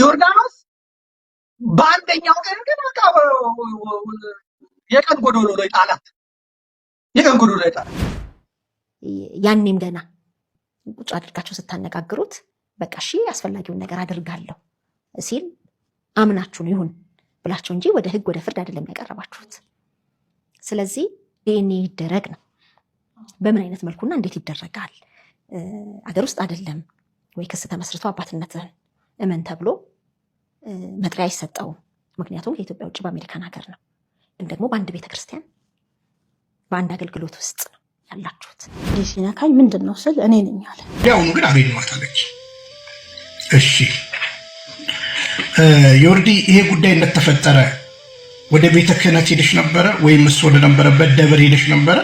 ዮርዳኖስ በአንደኛው ቀን ግን በቃ የቀን ጎዶሎ ላይ ጣላት። የቀን ጎዶሎ ላይ ጣላት። ያኔም ገና ቁጭ አድርጋቸው ስታነጋግሩት በቃ እሺ አስፈላጊውን ነገር አድርጋለሁ ሲል አምናችሁ ነው ይሁን ብላችሁ እንጂ ወደ ህግ ወደ ፍርድ አይደለም ያቀረባችሁት። ስለዚህ ዲኤንኤ ይደረግ ነው። በምን አይነት መልኩና እንዴት ይደረጋል? አገር ውስጥ አይደለም ወይ ክስ ተመስርቶ አባትነትህን እመን ተብሎ መጥሪያ አይሰጠውም። ምክንያቱም ከኢትዮጵያ ውጭ በአሜሪካን ሀገር ነው። ግን ደግሞ በአንድ ቤተክርስቲያን በአንድ አገልግሎት ውስጥ ነው ያላችሁት። ሲነካኝ ምንድን ነው ስል እኔ ነኝ አለ። ያውኑ ግን አሜን ማታለች። እሺ ዮርዲ፣ ይሄ ጉዳይ እንደተፈጠረ ወደ ቤተ ክህነት ሄደሽ ነበረ ወይም እሱ ወደ ነበረበት ደብር ሄደሽ ነበረ?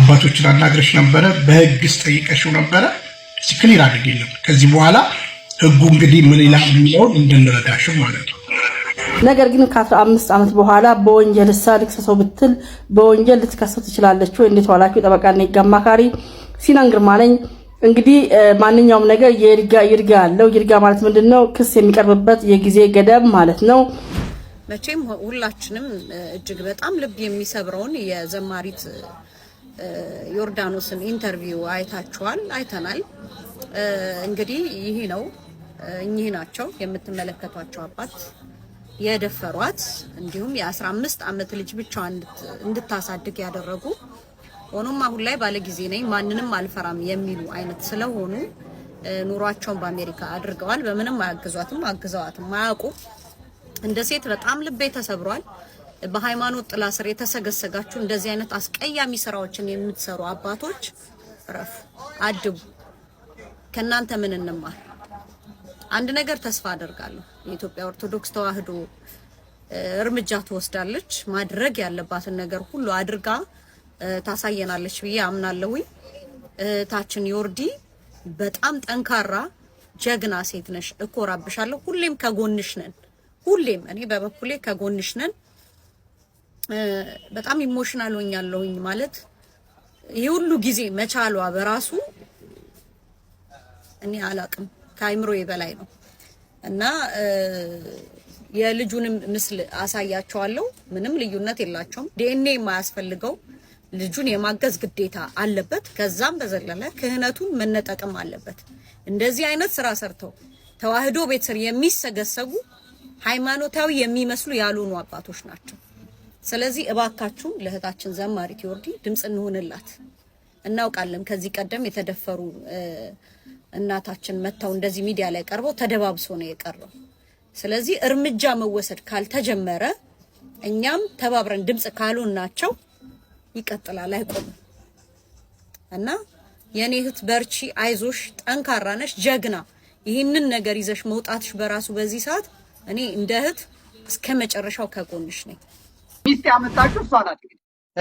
አባቶችን አናግረሽ ነበረ? በህግ ስጠይቀሽው ነበረ? ክሊር አድርግ የለም ከዚህ በኋላ ህጉ እንግዲህ ምን ይላል የሚለውን እንድንረዳሽው ማለት ነው። ነገር ግን ከአስራ አምስት ዓመት በኋላ በወንጀል እሳ ልክሰሰው ብትል በወንጀል ልትከሰው ትችላለች ወይ? እንዴት ዋላችሁ? ጠበቃና የህግ አማካሪ ሲናን ግርማ ነኝ። እንግዲህ ማንኛውም ነገር የይርጋ ይርጋ አለው። ይርጋ ማለት ምንድን ነው? ክስ የሚቀርብበት የጊዜ ገደብ ማለት ነው። መቼም ሁላችንም እጅግ በጣም ልብ የሚሰብረውን የዘማሪት ዮርዳኖስን ኢንተርቪው አይታችኋል፣ አይተናል። እንግዲህ ይሄ ነው እኚህ ናቸው የምትመለከቷቸው አባት የደፈሯት እንዲሁም የ15 አመት ልጅ ብቻ እንድታሳድግ ያደረጉ ሆኖም አሁን ላይ ባለጊዜ ነኝ ማንንም አልፈራም የሚሉ አይነት ስለሆኑ ኑሯቸውን በአሜሪካ አድርገዋል። በምንም አያግዟትም፣ አግዘዋትም አያውቁ። እንደ ሴት በጣም ልቤ ተሰብሯል። በሃይማኖት ጥላ ስር የተሰገሰጋችሁ እንደዚህ አይነት አስቀያሚ ስራዎችን የምትሰሩ አባቶች ረፍ አድቡ። ከእናንተ ምን እንማር? አንድ ነገር ተስፋ አደርጋለሁ። የኢትዮጵያ ኦርቶዶክስ ተዋህዶ እርምጃ ትወስዳለች። ማድረግ ያለባትን ነገር ሁሉ አድርጋ ታሳየናለች ብዬ አምናለሁኝ። እህታችን ዮርዲ በጣም ጠንካራ ጀግና ሴት ነሽ፣ እኮራብሻለሁ። ሁሌም ከጎንሽ ነን። ሁሌም እኔ በበኩሌ ከጎንሽ ነን። በጣም ኢሞሽናል ሆኛለሁኝ። ማለት ይህ ሁሉ ጊዜ መቻሏ በራሱ እኔ አላቅም ከአይምሮ በላይ ነው እና የልጁንም ምስል አሳያቸዋለሁ። ምንም ልዩነት የላቸውም። ዲኤንኤ የማያስፈልገው ልጁን የማገዝ ግዴታ አለበት። ከዛም በዘለለ ክህነቱን መነጠቅም አለበት። እንደዚህ አይነት ስራ ሰርተው ተዋህዶ ቤትስር የሚሰገሰጉ ሃይማኖታዊ የሚመስሉ ያልሆኑ አባቶች ናቸው። ስለዚህ እባካችሁ ለእህታችን ዘማሪት ዮርዲ ድምፅ እንሆንላት። እናውቃለን ከዚህ ቀደም የተደፈሩ እናታችን መጥተው እንደዚህ ሚዲያ ላይ ቀርበው ተደባብሶ ነው የቀረው። ስለዚህ እርምጃ መወሰድ ካልተጀመረ እኛም ተባብረን ድምጽ ካልሆንናቸው ይቀጥላል፣ አይቆምም እና የኔ እህት በርቺ፣ አይዞሽ፣ ጠንካራ ነሽ፣ ጀግና። ይህንን ነገር ይዘሽ መውጣትሽ በራሱ በዚህ ሰዓት እኔ እንደ እህት እስከ መጨረሻው ከጎንሽ ነኝ። ሚስት ያመጣችሁ እሷ ናት።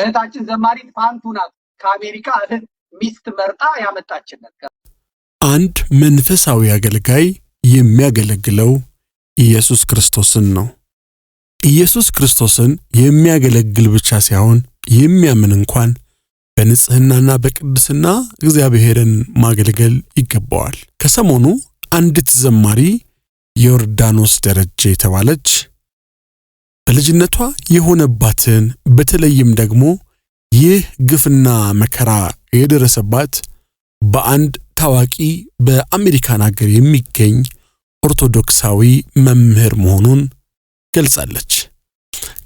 እህታችን ዘማሪት ፋንቱ ናት ከአሜሪካ እህት ሚስት መርጣ ያመጣችን አንድ መንፈሳዊ አገልጋይ የሚያገለግለው ኢየሱስ ክርስቶስን ነው። ኢየሱስ ክርስቶስን የሚያገለግል ብቻ ሳይሆን የሚያምን እንኳን በንጽህናና በቅድስና እግዚአብሔርን ማገልገል ይገባዋል። ከሰሞኑ አንዲት ዘማሪ ዮርዳኖስ ደረጀ የተባለች በልጅነቷ የሆነባትን በተለይም ደግሞ ይህ ግፍና መከራ የደረሰባት በአንድ ታዋቂ በአሜሪካን አገር የሚገኝ ኦርቶዶክሳዊ መምህር መሆኑን ገልጻለች።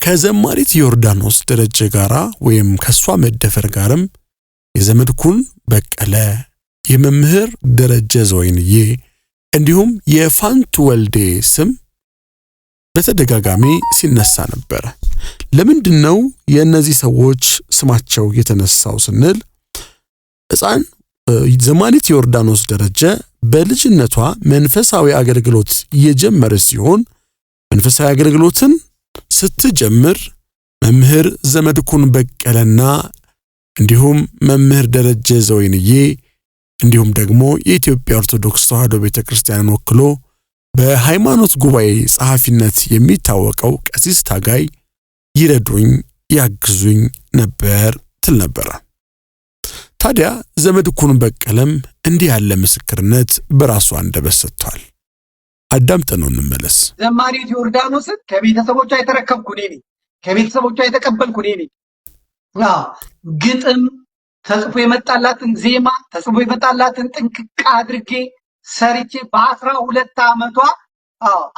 ከዘማሪት ዮርዳኖስ ደረጀ ጋራ ወይም ከሷ መደፈር ጋርም የዘመድኩን በቀለ፣ የመምህር ደረጀ ዘወይንዬ እንዲሁም የፋንቱ ወልዴ ስም በተደጋጋሚ ሲነሳ ነበር። ለምንድን ነው የእነዚህ ሰዎች ስማቸው የተነሳው ስንል ሕፃን ዘማኒት ዮርዳኖስ ደረጀ በልጅነቷ መንፈሳዊ አገልግሎት የጀመረች ሲሆን መንፈሳዊ አገልግሎትን ስትጀምር መምህር ዘመድኩን በቀለና እንዲሁም መምህር ደረጀ ዘወይንዬ እንዲሁም ደግሞ የኢትዮጵያ ኦርቶዶክስ ተዋሕዶ ቤተ ክርስቲያንን ወክሎ በሃይማኖት ጉባኤ ጸሐፊነት የሚታወቀው ቀሲስ ታጋይ ይረዱኝ ያግዙኝ ነበር ትል ነበረ። ታዲያ ዘመድ ኩን በቀለም እንዲህ ያለ ምስክርነት በራሱ አንደበት ሰጥቷል። አዳምጠነው እንመለስ። ዘማሪት ዮርዳኖስን ከቤተሰቦቿ የተረከብኩ እኔ ነኝ፣ ከቤተሰቦቿ የተቀበልኩ እኔ ነኝ። ግጥም ተጽፎ የመጣላትን ዜማ ተጽፎ የመጣላትን ጥንቅቃ አድርጌ ሰርቼ በአስራ ሁለት ዓመቷ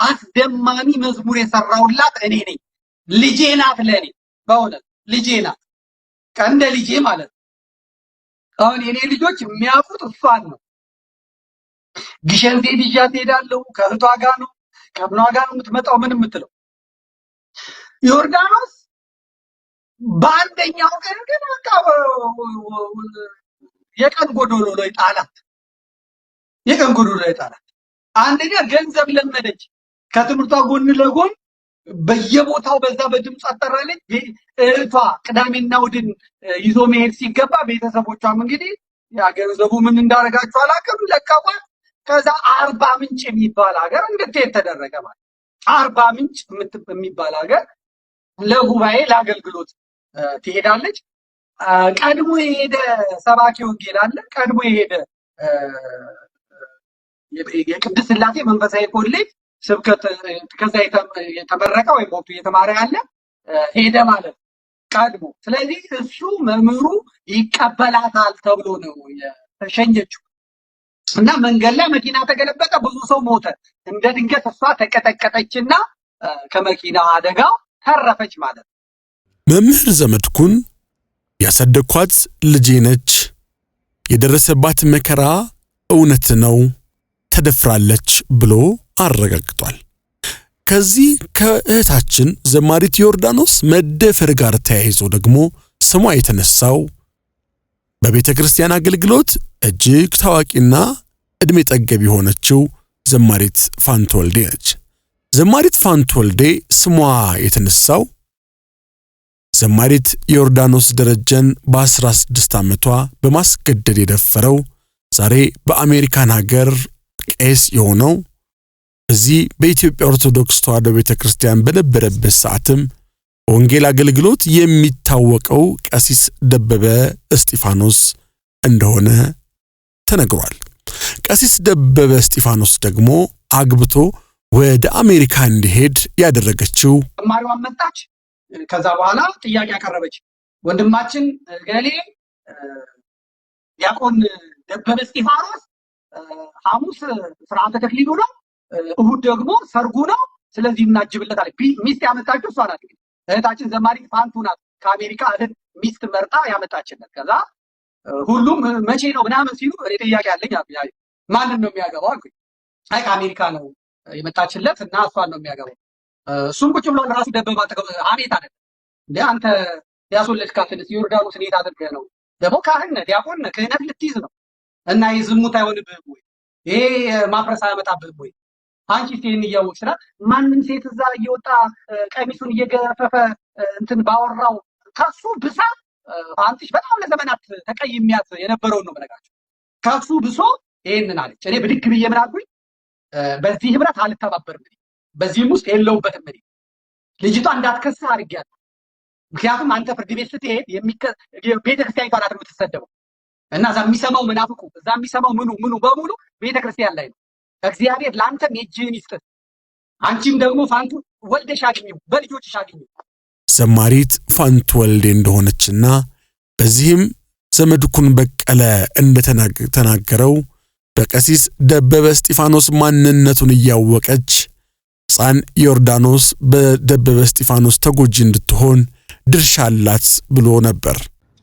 አስደማሚ መዝሙር የሰራውላት እኔ ነኝ። ልጄ ናት፣ ለእኔ በእውነት ልጄ ናት፣ ቀንደ ልጄ ማለት ነው። አሁን የኔ ልጆች የሚያውቁት እሷን ነው። ግሸን ሴት ይዣት ሄዳለሁ። ከእህቷ ጋር ነው ከብኗ ጋር ነው የምትመጣው። ምን የምትለው ዮርዳኖስ በአንደኛው ቀን ግን በቃ የቀን ጎዶሎ ላይ ጣላት። የቀን ጎዶሎ ላይ ጣላት። አንደኛ ገንዘብ ለመደች። ከትምህርቷ ጎን ለጎን በየቦታው በዛ በድምፅ አጠራለች እህቷ ቅዳሜና እሑድን ይዞ መሄድ ሲገባ ቤተሰቦቿም እንግዲህ ያ ገንዘቡ ምን እንዳደረጋችሁ አላውቅም ለቀቋ። ከዛ አርባ ምንጭ የሚባል ሀገር እንድትሄድ ተደረገ። ማለት አርባ ምንጭ የሚባል ሀገር ለጉባኤ ለአገልግሎት ትሄዳለች። ቀድሞ የሄደ ሰባኪ ወንጌል አለ። ቀድሞ የሄደ የቅድስት ስላሴ መንፈሳዊ ኮሌጅ ስብከት ከዛ የተመረቀ ወይም ወቅቱ እየተማረ ያለ ሄደ ማለት ቀድሞ። ስለዚህ እሱ መምህሩ ይቀበላታል ተብሎ ነው የተሸኘችው። እና መንገድ ላይ መኪና ተገለበጠ፣ ብዙ ሰው ሞተ። እንደ ድንገት እሷ ተቀጠቀጠችና ከመኪና አደጋው ተረፈች ማለት ነው። መምህር ዘመድኩን ያሳደግኳት ልጄ ነች። የደረሰባት መከራ እውነት ነው። ተደፍራለች ብሎ አረጋግጧል። ከዚህ ከእህታችን ዘማሪት ዮርዳኖስ መደፈር ጋር ተያይዞ ደግሞ ስሟ የተነሳው በቤተ ክርስቲያን አገልግሎት እጅግ ታዋቂና ዕድሜ ጠገብ የሆነችው ዘማሪት ፋንትወልዴ ነች። ዘማሪት ፋንትወልዴ ስሟ የተነሳው ዘማሪት ዮርዳኖስ ደረጀን በ16 ዓመቷ በማስገደድ የደፈረው ዛሬ በአሜሪካን ሀገር ቄስ የሆነው እዚህ በኢትዮጵያ ኦርቶዶክስ ተዋሕዶ ቤተ ክርስቲያን በነበረበት ሰዓትም በወንጌል አገልግሎት የሚታወቀው ቀሲስ ደበበ እስጢፋኖስ እንደሆነ ተነግሯል። ቀሲስ ደበበ እስጢፋኖስ ደግሞ አግብቶ ወደ አሜሪካ እንዲሄድ ያደረገችው ማሪዋን መጣች። ከዛ በኋላ ጥያቄ ያቀረበች ወንድማችን ገሌ ዲያቆን ደበበ እስጢፋኖስ ሐሙስ ስርዓተ ተክሊሉ ነው፣ እሁድ ደግሞ ሰርጉ ነው። ስለዚህ እናጅብለት አለ። ሚስት ያመጣችው እሷ ናት። እህታችን ዘማሪት ፋንቱ ናት ከአሜሪካ እህት ሚስት መርጣ ያመጣችለት። ከዛ ሁሉም መቼ ነው ምናምን ሲሉ እኔ ጥያቄ አለኝ፣ ማንን ነው የሚያገባው አልኩኝ። አይ ከአሜሪካ ነው የመጣችለት እና እሷን ነው የሚያገባው። እሱም ቁጭ ብሏል። ራሱ ደበባ ተቀብ አሜት አለ እንደ አንተ ያስወለድካትን ዮርዳኖስ እኔ ታደርገህ ነው ደግሞ ካህን ነህ ዲያቆን ነህ ክህነት ልትይዝ ነው እና ይህ ዝሙት አይሆንብህም ወይ? ይሄ ማፍረስ አያመጣብህም ወይ? አንቺ እስቲ ይህን እያወቅሽ ና ማንም ሴት እዛ እየወጣ ቀሚሱን እየገፈፈ እንትን ባወራው ከሱ ብሳ አንቺሽ በጣም ለዘመናት ተቀይሚያት የነበረውን ነው መነጋቸው ከሱ ብሶ ይህንን አለች። እኔ ብድግ ብዬ ምን አልኩኝ? በዚህ ህብረት አልተባበርም፣ በዚህም ውስጥ የለውበትም። እኔ ልጅቷ እንዳትከስ አድርጌያለሁ። ምክንያቱም አንተ ፍርድ ቤት ስትሄድ ቤተክርስቲያኒቷ ናት የምትሰደበው እና እዛ የሚሰማው መናፍቁ እዛ የሚሰማው ምኑ ምኑ በሙሉ ቤተክርስቲያን ላይ ነው። እግዚአብሔር ለአንተም የእጅህን ይስጥህ። አንቺም ደግሞ ፋንቱ ወልደሽ አግኘው፣ በልጆችሽ አግኘው። ዘማሪት ፋንቱ ወልዴ እንደሆነችና በዚህም ዘመድኩን በቀለ እንደተናገረው በቀሲስ ደበበ እስጢፋኖስ ማንነቱን እያወቀች ሕፃን ዮርዳኖስ በደበበ እስጢፋኖስ ተጎጂ እንድትሆን ድርሻ አላት ብሎ ነበር።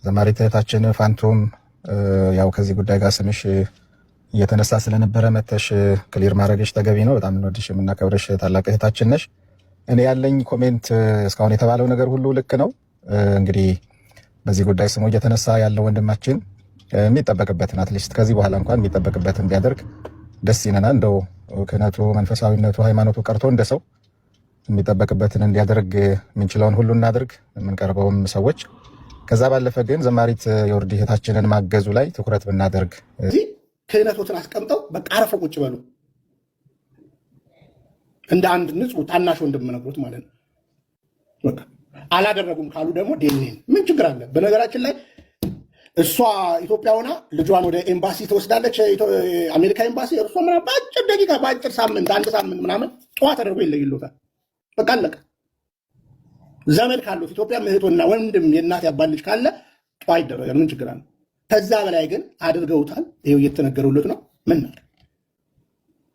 ዘማሪት እህታችን ፋንቱም ያው ከዚህ ጉዳይ ጋር ስምሽ እየተነሳ ስለነበረ መተሽ ክሊር ማድረግሽ ተገቢ ነው። በጣም እንወድሽ የምናከብርሽ ታላቅ እህታችን ነሽ። እኔ ያለኝ ኮሜንት እስካሁን የተባለው ነገር ሁሉ ልክ ነው። እንግዲህ በዚህ ጉዳይ ስሙ እየተነሳ ያለው ወንድማችን የሚጠበቅበትን አትሊስት ከዚህ በኋላ እንኳን የሚጠበቅበትን ቢያደርግ ደስ ይለናል። እንደው ክህነቱ፣ መንፈሳዊነቱ፣ ሃይማኖቱ ቀርቶ እንደ ሰው የሚጠበቅበትን እንዲያደርግ የምንችለውን ሁሉ እናድርግ። የምንቀርበውም ሰዎች ከዛ ባለፈ ግን ዘማሪት የወርድ እህታችንን ማገዙ ላይ ትኩረት ብናደርግ እዚህ ክህነቶትን አስቀምጠው በቃ አረፈ ቁጭ በሉ እንደ አንድ ንጹህ ታናሽ ወንድም ማለት ነው። አላደረጉም ካሉ ደግሞ ዴኔን ምን ችግር አለ? በነገራችን ላይ እሷ ኢትዮጵያ ሆና ልጇን ወደ ኤምባሲ ትወስዳለች። አሜሪካ ኤምባሲ እርሷ ምና በአጭር ደቂቃ በአጭር ሳምንት አንድ ሳምንት ምናምን ጠዋት ተደርጎ ይለይሎታል። በቃ አለቀ። ዘመድ ካሉት ኢትዮጵያ እህቶና ወንድም የእናት ያባት ልጅ ካለ ጨዋ ምን ችግር አለ? ከዛ በላይ ግን አድርገውታል። ይኸው እየተነገሩለት ነው። ምን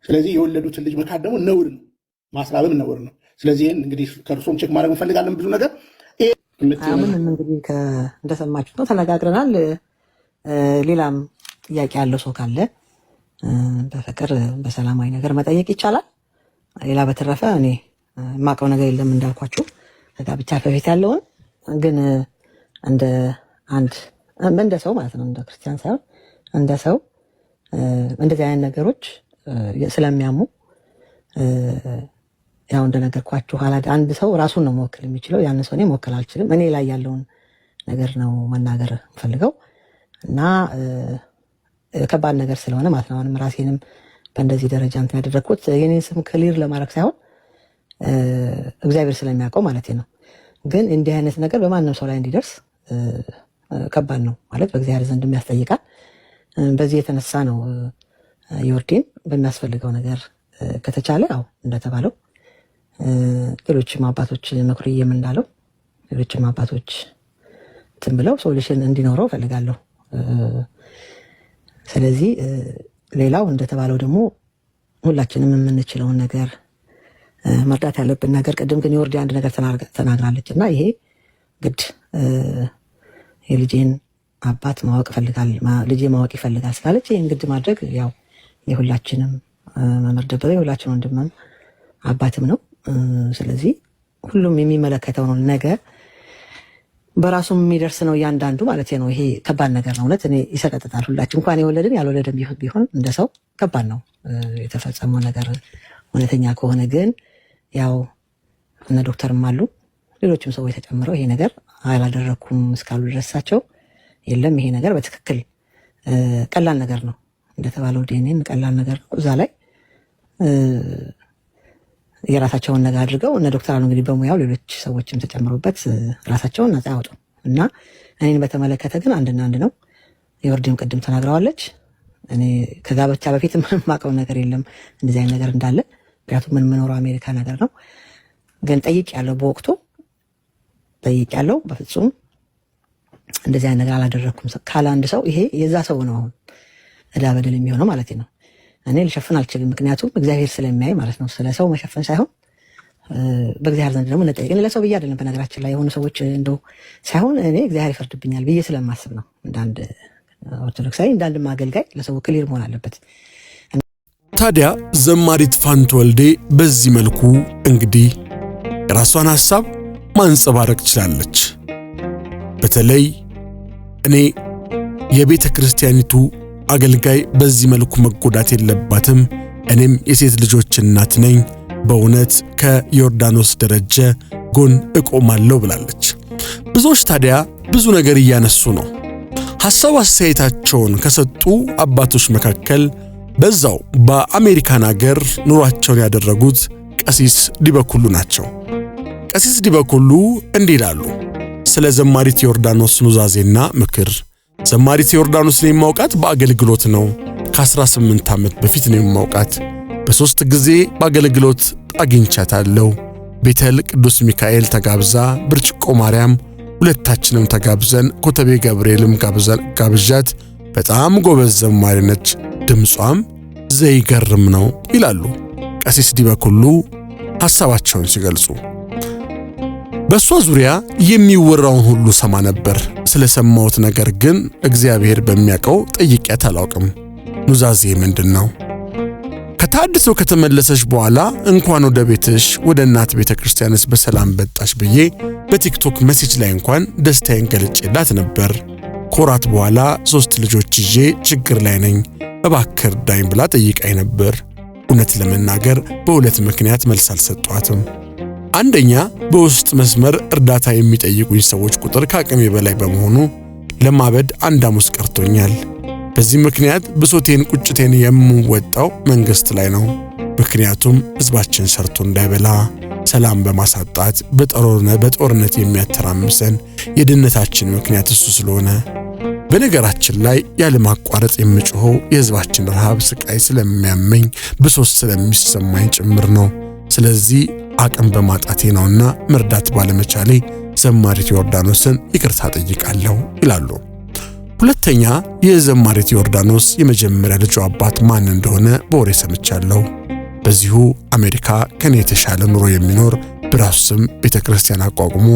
ስለዚህ የወለዱትን ልጅ መካድ ደግሞ ነውር ነው፣ ማስራብም ነውር ነው። ስለዚህ እንግዲህ ከእርሶም ቼክ ማድረግ እንፈልጋለን። ብዙ ነገር ምንም እንግዲህ እንደሰማችሁት ነው፣ ተነጋግረናል። ሌላም ጥያቄ ያለው ሰው ካለ በፍቅር በሰላማዊ ነገር መጠየቅ ይቻላል። ሌላ በተረፈ እኔ የማውቀው ነገር የለም እንዳልኳችሁ ከጋብቻ በፊት ያለውን ግን እንደ አንድ እንደ ሰው ማለት ነው እንደ ክርስቲያን ሳይሆን እንደ ሰው እንደዚህ አይነት ነገሮች ስለሚያሙ ያው እንደነገርኳችሁ ኋላ አንድ ሰው ራሱን ነው መወክል የሚችለው። ያን ሰው እኔ መወክል አልችልም። እኔ ላይ ያለውን ነገር ነው መናገር የምፈልገው እና ከባድ ነገር ስለሆነ ማለት ነው አሁንም ራሴንም በእንደዚህ ደረጃ እንትን ያደረግኩት የኔን ስም ክሊር ለማድረግ ሳይሆን እግዚአብሔር ስለሚያውቀው ማለት ነው። ግን እንዲህ አይነት ነገር በማንም ሰው ላይ እንዲደርስ ከባድ ነው ማለት በእግዚአብሔር ዘንድ የሚያስጠይቃል። በዚህ የተነሳ ነው ዮርዲን በሚያስፈልገው ነገር ከተቻለ ያው እንደተባለው ሌሎችም አባቶች መኩር እንዳለው ሌሎችም አባቶች እንትን ብለው ሶሉሽን እንዲኖረው እፈልጋለሁ። ስለዚህ ሌላው እንደተባለው ደግሞ ሁላችንም የምንችለውን ነገር መርዳት ያለብን ነገር ቅድም ግን የወርዲ አንድ ነገር ተናግራለች እና ይሄ ግድ የልጄን አባት ማወቅ ይፈልጋል ልጄ ማወቅ ይፈልጋል ስላለች ይህን ግድ ማድረግ ያው የሁላችንም መምህር ደበበ የሁላችን ወንድምም አባትም ነው። ስለዚህ ሁሉም የሚመለከተው ነው ነገር በራሱም የሚደርስ ነው እያንዳንዱ ማለት ነው። ይሄ ከባድ ነገር ነው እውነት እኔ ይሰቀጥጣል። ሁላችን እንኳን የወለድን ያልወለድን ቢሆን እንደ ሰው ከባድ ነው የተፈጸመው ነገር እውነተኛ ከሆነ ግን ያው እነ ዶክተርም አሉ ሌሎችም ሰዎች ተጨምረው ይሄ ነገር አላደረኩም እስካሉ ድረሳቸው የለም ይሄ ነገር በትክክል ቀላል ነገር ነው እንደተባለው ዲኤንኤን ቀላል ነገር ነው። እዛ ላይ የራሳቸውን ነገር አድርገው እነ ዶክተር አሉ እንግዲህ በሙያው ሌሎች ሰዎችም ተጨምረውበት ራሳቸውን ነጻ ያወጡ እና እኔን በተመለከተ ግን አንድና አንድ ነው። የወርድም ቅድም ተናግረዋለች። እኔ ከጋብቻ በፊት ማቀው ነገር የለም እንደዚህ አይነት ነገር እንዳለ ምክንያቱም የምኖረው አሜሪካ ነገር ነው። ግን ጠይቅ ያለው በወቅቱ ጠይቅ ያለው በፍጹም እንደዚህ አይነት ነገር አላደረግኩም ካለ አንድ ሰው ይሄ የዛ ሰው ነው እዳ በደል የሚሆነው ማለት ነው። እኔ ልሸፍን አልችልም። ምክንያቱም እግዚአብሔር ስለሚያይ ማለት ነው። ስለ ሰው መሸፈን ሳይሆን በእግዚአብሔር ዘንድ ደግሞ እንጠይቅ። ለሰው ብዬ አይደለም በነገራችን ላይ የሆኑ ሰዎች እንደ ሳይሆን እኔ እግዚአብሔር ይፈርድብኛል ብዬ ስለማስብ ነው። እንዳንድ ኦርቶዶክሳዊ እንዳንድ ማገልጋይ ለሰው ክሊር መሆን አለበት። ታዲያ ዘማሪት ፋንትወልዴ በዚህ መልኩ እንግዲህ የራሷን ሐሳብ ማንጸባረቅ ችላለች። በተለይ እኔ የቤተ ክርስቲያኒቱ አገልጋይ በዚህ መልኩ መጎዳት የለባትም፣ እኔም የሴት ልጆች እናት ነኝ፣ በእውነት ከዮርዳኖስ ደረጀ ጎን እቆማለሁ ብላለች። ብዙዎች ታዲያ ብዙ ነገር እያነሱ ነው። ሐሳብ አስተያየታቸውን ከሰጡ አባቶች መካከል በዛው በአሜሪካን አገር ኑሯቸውን ያደረጉት ቀሲስ ዲበኩሉ ናቸው። ቀሲስ ዲበኩሉ እንዲህ ይላሉ ስለ ዘማሪት ዮርዳኖስ ኑዛዜና ምክር። ዘማሪት ዮርዳኖስን የማውቃት በአገልግሎት ነው። ከ18 ዓመት በፊት ነው የማውቃት። በሦስት ጊዜ በአገልግሎት አግኝቻታለሁ። ቤተል ቅዱስ ሚካኤል ተጋብዛ፣ ብርጭቆ ማርያም ሁለታችንም ተጋብዘን፣ ኮተቤ ገብርኤልም ጋብዣት። በጣም ጎበዝ ዘማሪ ነች። ድምጿም ዘይገርም ነው ይላሉ ቀሲስ ዲበኩሉ ሐሳባቸውን ሲገልጹ። በእሷ ዙሪያ የሚወራውን ሁሉ ሰማ ነበር። ስለሰማውት ነገር ግን እግዚአብሔር በሚያውቀው ጠይቄያት አላውቅም። ኑዛዜ ምንድን ነው? ከታድሶ ከተመለሰች በኋላ እንኳን ወደ ቤትሽ ወደ እናት ቤተ ክርስቲያንስ በሰላም በጣሽ ብዬ በቲክቶክ መሴጅ ላይ እንኳን ደስታዬን ገልጬላት ነበር። ከወራት በኋላ ሦስት ልጆች ይዤ ችግር ላይ ነኝ እባክህ እርዳኝ ብላ ጠይቃኝ ነበር። እውነት ለመናገር በሁለት ምክንያት መልስ አልሰጧትም። አንደኛ በውስጥ መስመር እርዳታ የሚጠይቁኝ ሰዎች ቁጥር ከአቅሜ በላይ በመሆኑ ለማበድ አንድ አሙስ ቀርቶኛል። በዚህ ምክንያት ብሶቴን፣ ቁጭቴን የምወጣው መንግሥት ላይ ነው። ምክንያቱም ሕዝባችን ሰርቶ እንዳይበላ ሰላም በማሳጣት በጦርነት የሚያተራምሰን የድህነታችን ምክንያት እሱ ስለሆነ በነገራችን ላይ ያለማቋረጥ የምጮኸው የህዝባችን ረሃብ፣ ስቃይ ስለሚያመኝ ብሶት ስለሚሰማኝ ጭምር ነው። ስለዚህ አቅም በማጣቴ ነውና መርዳት ባለመቻሌ ዘማሪት ዮርዳኖስን ይቅርታ ጠይቃለሁ ይላሉ። ሁለተኛ የዘማሪት ዮርዳኖስ የመጀመሪያ ልጇ አባት ማን እንደሆነ በወሬ ሰምቻለሁ። በዚሁ አሜሪካ ከኔ የተሻለ ኑሮ የሚኖር ብራሱ ስም ቤተ ክርስቲያን አቋቁሞ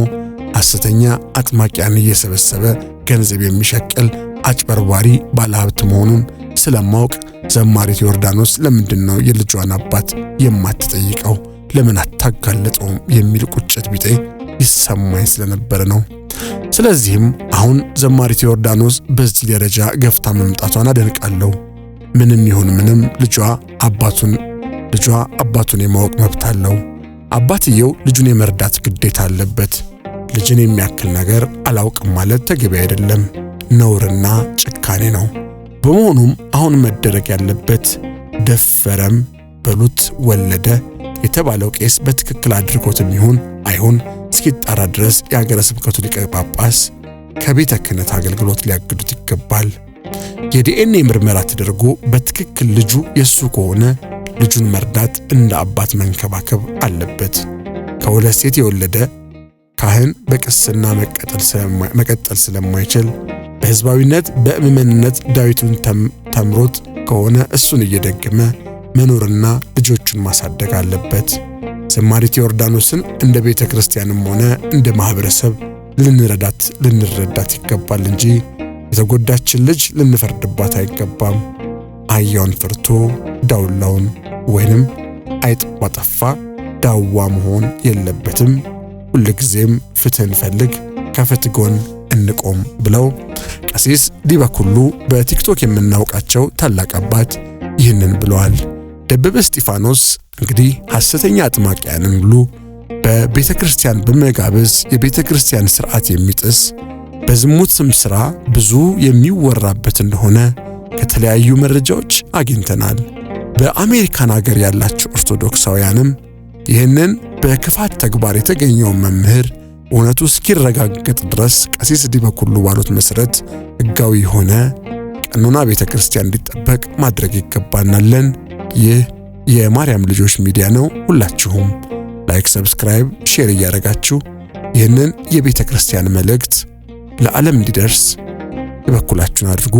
ሐሰተኛ አጥማቂያን እየሰበሰበ ገንዘብ የሚሸቅል አጭበርባሪ ባለሀብት መሆኑን ስለማወቅ ዘማሪት ዮርዳኖስ ለምንድን ነው የልጇን አባት የማትጠይቀው? ለምን አታጋለጠውም? የሚል ቁጭት ቢጤ ይሰማኝ ስለነበረ ነው። ስለዚህም አሁን ዘማሪት ዮርዳኖስ በዚህ ደረጃ ገፍታ መምጣቷን አደንቃለሁ። ምንም ይሁን ምንም ልጇ አባቱን ልጇ አባቱን የማወቅ መብት አለው። አባትየው ልጁን የመርዳት ግዴታ አለበት። ልጅን የሚያክል ነገር አላውቅም ማለት ተገቢ አይደለም፣ ነውርና ጭካኔ ነው። በመሆኑም አሁን መደረግ ያለበት ደፈረም በሉት ወለደ የተባለው ቄስ በትክክል አድርጎትም ይሁን አይሁን እስኪጣራ ድረስ የአገረ ስብከቱ ሊቀ ጳጳስ ከቤተ ክህነት አገልግሎት ሊያግዱት ይገባል። የዲኤንኤ ምርመራ ተደርጎ በትክክል ልጁ የሱ ከሆነ ልጁን መርዳት እንደ አባት መንከባከብ አለበት። ከሁለት ሴት የወለደ ካህን በቅስና መቀጠል ስለማይችል በሕዝባዊነት በምእመንነት ዳዊቱን ተምሮት ከሆነ እሱን እየደገመ መኖርና ልጆቹን ማሳደግ አለበት። ዘማሪት ዮርዳኖስን እንደ ቤተ ክርስቲያንም ሆነ እንደ ማኅበረሰብ ልንረዳት ልንረዳት ይገባል እንጂ የተጎዳችን ልጅ ልንፈርድባት አይገባም። አህያውን ፈርቶ ዳውላውን ወይንም አይጥ ባጠፋ ዳዋ መሆን የለበትም። ሁልጊዜም ፍትህ ፈልግ ከፍትህ ጎን እንቆም ብለው ቀሲስ ዲበኩሉ በቲክቶክ የምናውቃቸው ታላቅ አባት ይህንን ብለዋል። ደበበ እስጢፋኖስ እንግዲህ ሐሰተኛ አጥማቂያንን ሁሉ በቤተ ክርስቲያን በመጋበዝ የቤተ ክርስቲያን ሥርዓት የሚጥስ በዝሙት ስም ሥራ ብዙ የሚወራበት እንደሆነ ከተለያዩ መረጃዎች አግኝተናል። በአሜሪካን አገር ያላቸው ኦርቶዶክሳውያንም ይህንን በክፋት ተግባር የተገኘውን መምህር እውነቱ እስኪረጋገጥ ድረስ ቀሲስ ዲበኩሉ ባሉት መሰረት ሕጋዊ የሆነ ቀኖና ቤተ ክርስቲያን እንዲጠበቅ ማድረግ ይገባናለን። ይህ የማርያም ልጆች ሚዲያ ነው። ሁላችሁም ላይክ፣ ሰብስክራይብ፣ ሼር እያደረጋችሁ ይህንን የቤተ ክርስቲያን መልእክት ለዓለም እንዲደርስ የበኩላችሁን አድርጉ።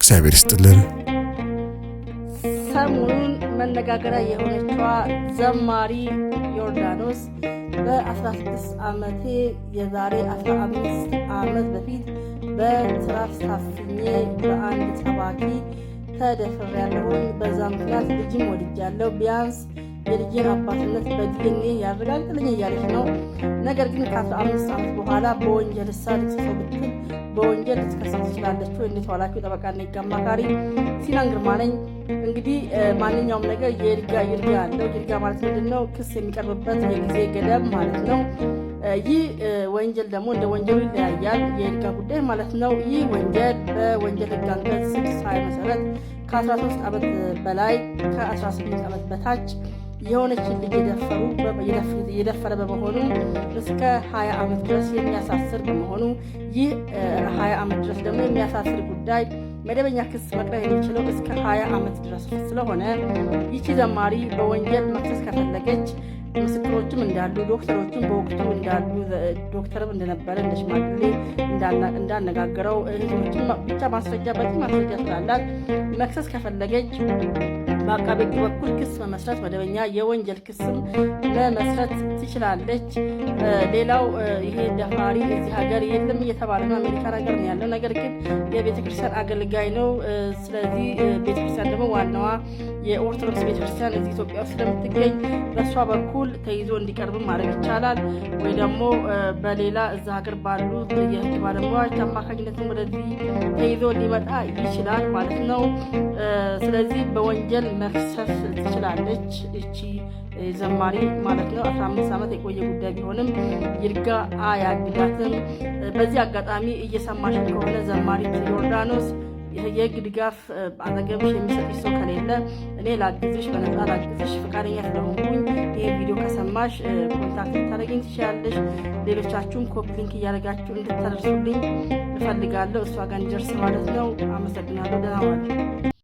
እግዚአብሔር ይስጥልን። መሸጋገሪያ የሆነችዋ ዘማሪ ዮርዳኖስ በ16 ዓመቴ የዛሬ 15 ዓመት በፊት በትራስ ታፍኜ በአንድ ጠባቂ ተደፍሬያለሁ። በዛ ምክንያት ልጅም ወልጃለሁ። ቢያንስ የልጄን አባትነት በዲኤንኤ ያረጋግጥልኝ እያለች ነው። ነገር ግን ከ አምስት ዓመት በኋላ በወንጀል እሳ ልጽሶ ብትል በወንጀል ልትከሰስ ትችላለች ወይ? እንዴት ዋላችሁ? ጠበቃና ሕግ አማካሪ ሲናን ግርማ ነኝ። እንግዲህ ማንኛውም ነገር የይርጋ ይርጋ አለው። ይርጋ ማለት ምንድን ነው? ክስ የሚቀርብበት የጊዜ ገደብ ማለት ነው። ይህ ወንጀል ደግሞ እንደ ወንጀሉ ይለያያል። የይርጋ ጉዳይ ማለት ነው። ይህ ወንጀል በወንጀል ሕግ አንቀጽ ስድስት መሰረት ከ13 ዓመት በላይ ከ18 ዓመት በታች የሆነችን ልጅ የደፈረ በመሆኑ እስከ 20 ዓመት ድረስ የሚያሳስር በመሆኑ ይህ 20 ዓመት ድረስ ደግሞ የሚያሳስር ጉዳይ መደበኛ ክስ መቅረብ የሚችለው እስከ 20 ዓመት ድረስ ስለሆነ ይቺ ዘማሪ በወንጀል መክሰስ ከፈለገች ምስክሮችም እንዳሉ ዶክተሮችም በወቅቱ እንዳሉ ዶክተርም እንደነበረ እንደ ሽማግሌ እንዳነጋገረው ብቻ ማስረጃ በቂ ማስረጃ ስላላት መክሰስ ከፈለገች በአቃቤ ሕግ በኩል ክስ መመስረት መደበኛ የወንጀል ክስም መመስረት ትችላለች። ሌላው ይሄ ደፋሪ እዚህ ሀገር የለም እየተባለ ነው። አሜሪካን ሀገር ነው ያለው። ነገር ግን የቤተክርስቲያን አገልጋይ ነው። ስለዚህ ቤተክርስቲያን ደግሞ ዋናዋ የኦርቶዶክስ ቤተክርስቲያን እዚህ ኢትዮጵያ ውስጥ ስለምትገኝ በእሷ በኩል ተይዞ እንዲቀርብ ማድረግ ይቻላል። ወይ ደግሞ በሌላ እዛ ሀገር ባሉት የህግ ባለሙያዎች አማካኝነትም ወደዚህ ተይዞ ሊመጣ ይችላል ማለት ነው። ስለዚህ በወንጀል መፍሰስ ትችላለች። እቺ ዘማሪ ማለት ነው። 15 ዓመት የቆየ ጉዳይ ቢሆንም ይርጋ አያግዳትም። በዚህ አጋጣሚ እየሰማሽ ከሆነ ዘማሪት ዮርዳኖስ የህግ ድጋፍ አጠገብሽ የሚሰጥሽ ሰው ከሌለ እኔ ላግዝሽ፣ በነፃ ላግዝሽ ፈቃደኛ ስለሆንኩኝ ይህ ቪዲዮ ከሰማሽ ኮንታክት ልታደርጊኝ ትችላለሽ። ሌሎቻችሁም ኮፒ ሊንክ እያደረጋችሁ እንድታደርሱልኝ እፈልጋለሁ፣ እሷ ጋር እንዲደርስ ማለት ነው። አመሰግናለሁ። ደህና ዋሉ።